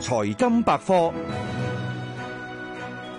財金百科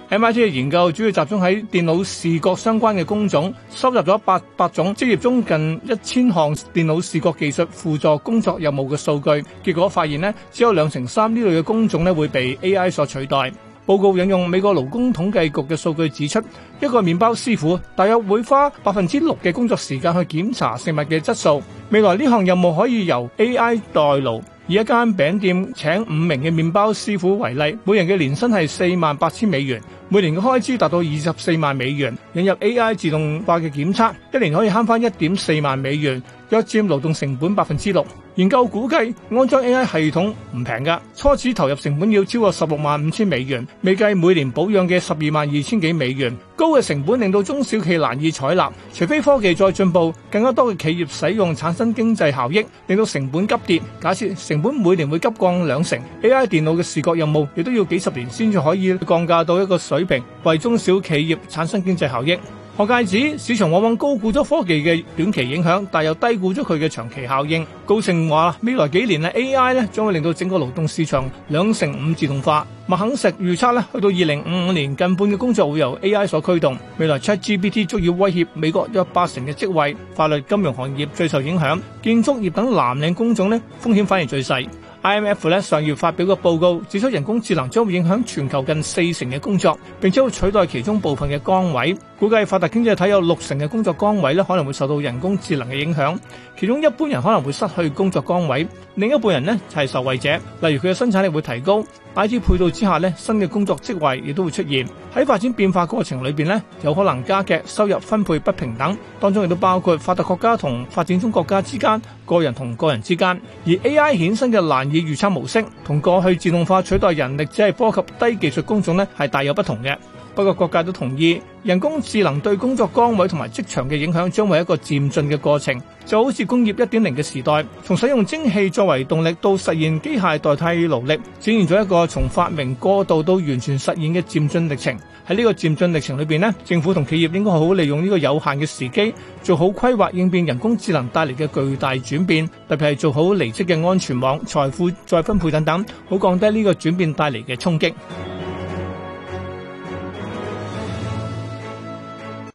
，MIT 嘅研究主要集中喺電腦視覺相關嘅工種，收集咗八百種職業中近一千項電腦視覺技術輔助工作任務嘅數據，結果發現呢，只有兩成三呢類嘅工種呢會被 AI 所取代。報告引用美國勞工統計局嘅數據指出，一個麵包師傅大約會花百分之六嘅工作時間去檢查食物嘅質素，未來呢項任務可以由 AI 代勞。以一間餅店請五名嘅麵包師傅為例，每人嘅年薪係四萬八千美元，每年嘅開支達到二十四萬美元。引入 AI 自動化嘅檢測，一年可以慳翻一點四萬美元。約佔勞動成本百分之六，研究估計安裝 AI 系統唔平㗎，初始投入成本要超過十六萬五千美元，未計每年保養嘅十二萬二千幾美元。高嘅成本令到中小企難以採納，除非科技再進步，更加多嘅企業使用產生經濟效益，令到成本急跌。假設成本每年會急降兩成，AI 電腦嘅視覺任務亦都要幾十年先至可以降價到一個水平，為中小企業產生經濟效益。我介指市場往往高估咗科技嘅短期影響，但又低估咗佢嘅長期效應。高盛話未來幾年，AI，呢 a i 咧將會令到整個勞動市場兩成五自動化。麥肯錫預測呢，去到二零五五年，近半嘅工作會由 AI 所驅動。未來七 GPT 足以威脅美國約八成嘅職位。法律、金融行業最受影響，建築業等藍領工種咧風險反而最細。IMF 咧上月發表嘅報告指出，人工智能將會影響全球近四成嘅工作，並且會取代其中部分嘅崗位。估計發達經濟體有六成嘅工作崗位咧可能會受到人工智能嘅影響。其中一般人可能會失去工作崗位，另一半人呢就係受惠者，例如佢嘅生產力會提高，擺啲配套之下咧新嘅工作職位亦都會出現。喺發展變化過程裏邊咧，有可能加劇收入分配不平等，當中亦都包括發達國家同發展中國家之間、個人同個人之間，而 AI 衍生嘅難。以預測模式同過去自動化取代人力只係波及低技術工種咧，係大有不同嘅。不過，各界都同意，人工智能對工作崗位同埋職場嘅影響，將會係一個漸進嘅過程。就好似工業1.0嘅時代，從使用蒸汽作為動力，到實現機械代替勞力，展現咗一個從發明過渡到完全實現嘅漸進歷程。喺呢個漸進歷程裏邊咧，政府同企業應該好好利用呢個有限嘅時機，做好規劃應變人工智能帶嚟嘅巨大轉變，特別係做好離職嘅安全網、財富再分配等等，好降低呢個轉變帶嚟嘅衝擊。